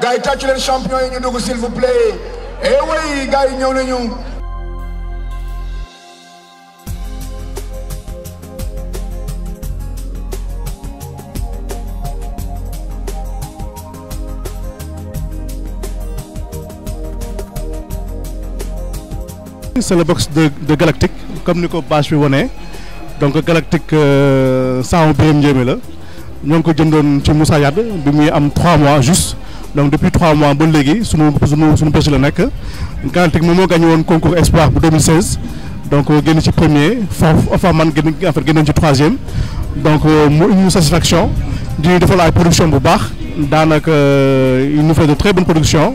gars yi tàccu leen champion yi ñu dugg s'il vous plaît eh ñëw nañu. c'est le box de de Galactic comme ni ko bâche bi wone donc Galactic euh, sans Birame Ndiémé la ñoo ngi ko jëndoon ci Moussa Yade bi muy am 3 mois juste. donc depuis trois mois ba léegi sunu sunu sunu pêche la nekk Galantique moom moo gagné woon concours espoir bu 2016 donc euh, génn ci premier foofu fa man génn en fait génnoon ci troisième donc euh, mu ñu satisfaction di defal ay production bu baax daanaka euh, il nous fait de très bonne production.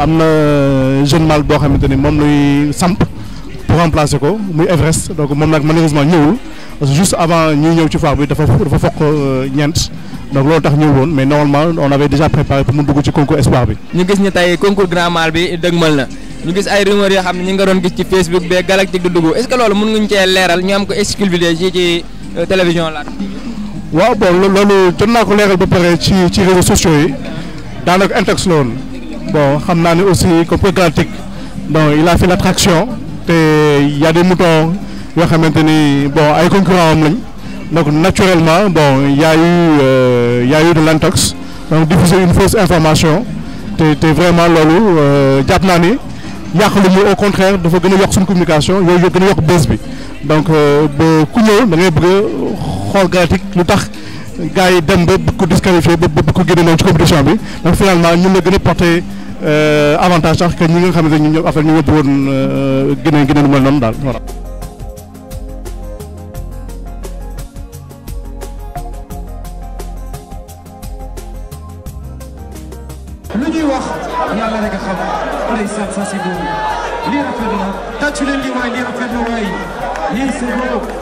am na jeune mâle boo xamante ni moom luy samp pour remplacer ko muy Everest donc moom nag malheureusement ñëwul parce que juste avant ñuy ñëw ci foire bi dafa dafa foq euh, ñeent donc loolu tax ñëw woon mais normalement on avait déjà préparé pour mu dugg ci concours espoir bi. ñu gis ne tey concours grand mâle bi dëgmal na ñu gis ay rumeurs yoo xam ne ñu nga doon gis ci Facebook bee galactique du dugg est ce que nga ñu cee leeral ñu am ko exclusivité ci ci euh, télévision la waaw bon loolu jot naa ko leeral ba pare ci ci réseaux sociaux bon xam naa ne aussi comme que Galactic bon il a fait l' attraction te y a des moutons yoo xamante ni bon ay concurrents am lañ donc naturellement bon y a eu euh, y a eu de l'intox donc diffuser une fausse information te te vraiment loolu euh, jàpp naa ni yàq lu mu au contraire dafa gën a yokk suñu communication yooyu gën a yokk bés bi donc euh, boo ku ñëw da ngay bëgg a xool Galactic lu tax. gars yi dem ba bëgg ko disqualifié ba bëgg ko génne noonu ci compétition bi donc finalement ñun la gën a porté euh, avantage sax que ñi nga xam ne ñu ñëw affaire ñu wëpp woon gënee gënee nu ñuy wax yàlla rek a xam ndeysaan sa si boobu lii rafet na tàccu leen lii waay lii rafet na waay lii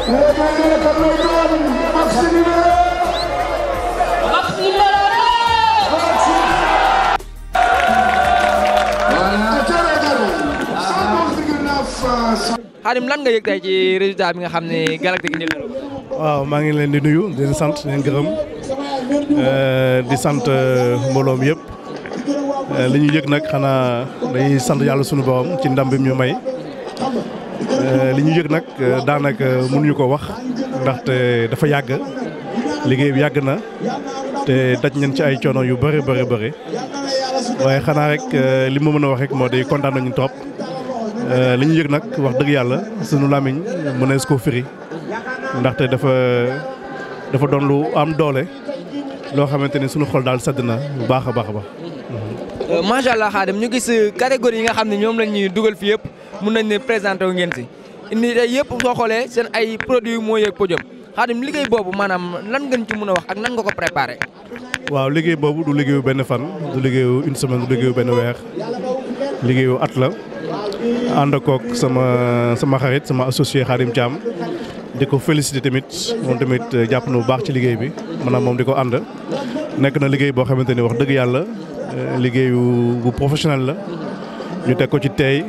Xaadim lan nga yëg tey ci résultat bi nga xam ne Galactic indil na waaw maa ngi leen di nuyu di leen sant di leen eh, di sant eh, mbooloo mi yëpp eh, li ñu nag xanaa dañuy sant yàlla sunu borom ci ndam bi ñu may. Euh, li ñu yëg nag euh, daanaka mënuñu ko wax ndaxte dafa yàgg liggéey bi yàgg na te daj nañ ci ay coono yu bëri bare bëri waaye xanaa rek euh, li ma mën a wax moo de kontaan nañu trop li ñu yëg nag wax dëgg yàlla sunu làmmiñ mënees koo firi ndaxte dafa dafa doon lu am doole loo xamante ni suñu xol daal sedd na bu baax a baax a baax. macha ñu gis catégorie yi nga xam ne ñoom la ñuy dugal fi yëpp. mun nañ ne présenté wu ngeen si indi tey yëpp soo xoolee seen ay produits mooy yëg podium Khadim liggéey boobu maanaam lan ngeen ci mën a wax ak nan nga ko préparé. waaw liggéey boobu du liggéeyu benn fan du liggéeyu une semaine du liggéeyu benn weer liggéeyu at la ànd kook sama sama xarit sama associé Khadim Thiam di ko félicité tamit moom tamit jàpp na bu baax ci liggéey bi maanaam moom di ko ànd nekk na liggéey boo xamante ni wax dëgg yàlla eh, liggéeyu bu professionnel la ñu teg ko ci tey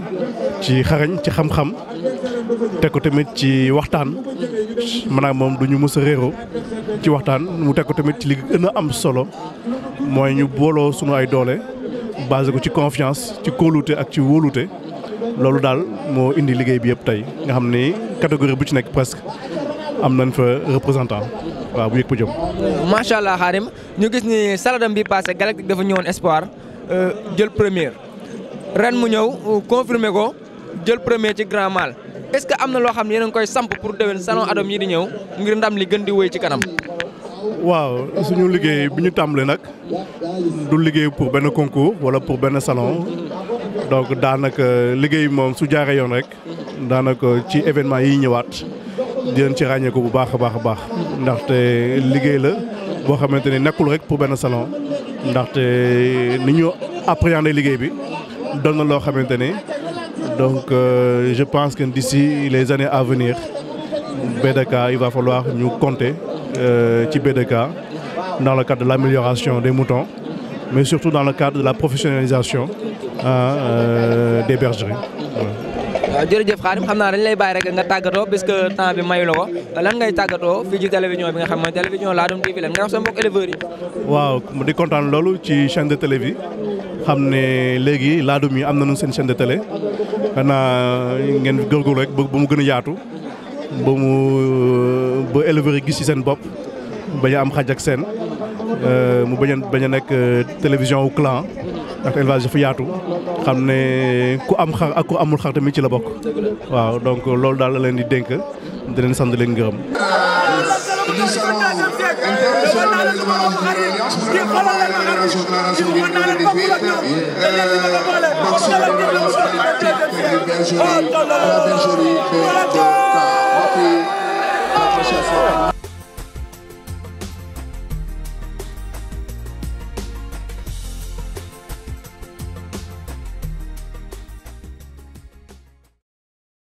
ci xarañ ci xam-xam teg ko tamit ci waxtaan maanaam moom du ñu mës a réeroo ci waxtaan mu teg ko tamit ci li gën a am solo mooy ñu booloo sunu ay doole basé ko ci confiance ci kóolute ak ci wóolute loolu daal moo indi liggéey bi yëpp tey nga xam ni catégorie bu ci nekk presque am nañ fa représentant waaw bu yëg ba jëm. macha allah Xaadim ñu gis ni saladam bi passé Galactique dafa ñëwoon Espoir euh, jël première ren mu ñëw confirmé ko. jël premier ci grand mal est-ce que am na loo xam ne yéen a ngi koy samp pour déwén salon Adam yi di ñëw ngir ndam li gën di wéy ci kanam. waaw suñu liggéey bi ñu tàmbalee nag du liggéey pour benn concours wala pour benn salon donc daanaka liggéey moom su jaaree yoon rek daanaka ci événement yi ñëwaat di leen ci ràññeeku bu baax a baax a baax ndaxte liggéey la boo xamante ne nekkul rek pour benn salon ndaxte ni ñu appréhender liggéey bi doon na loo xamante ne. Donc euh, je pense que di si les années à venir, BDK, il va falloir nous compter euh, BDK dans le cadre de l'amélioration des moutons, mais surtout dans la cadre de la professionnalisation euh, des bergeries. waaw jërëjëf Khadim xam naa dañ lay bàyyi rek nga tàggatoo puisque temps bi mayu la ko lan ngay tàggatoo fii ci télévision bi nga xam mooy télévision Ladoum TV lan nga di kontaan loolu ci chaîne de télé bi xam ne léegi Ladoum yi am na nañu seen chaîne de télé xanaa ngeen gërgul rek ba mu gën a yaatu ba mu ba éleveurs gis ci seen bopp bañ a am xaj ak seen euh, mu bañ a bañ a nekk euh, télévision wu clan ak élevage dafa yaatu xam ne ku am xar ak ku amul xar mi ci la bokk waaw donc loolu daal la leen di dénk di leen sant leen gërëm waxoon naa la lu ma wax xarit kii xoolal leen ma xarit kii waxoon naa la bokkul ak ñoom te leen li ma la boole wax dëgg la ñu la wax dëgg la ñu la wax dëgg la.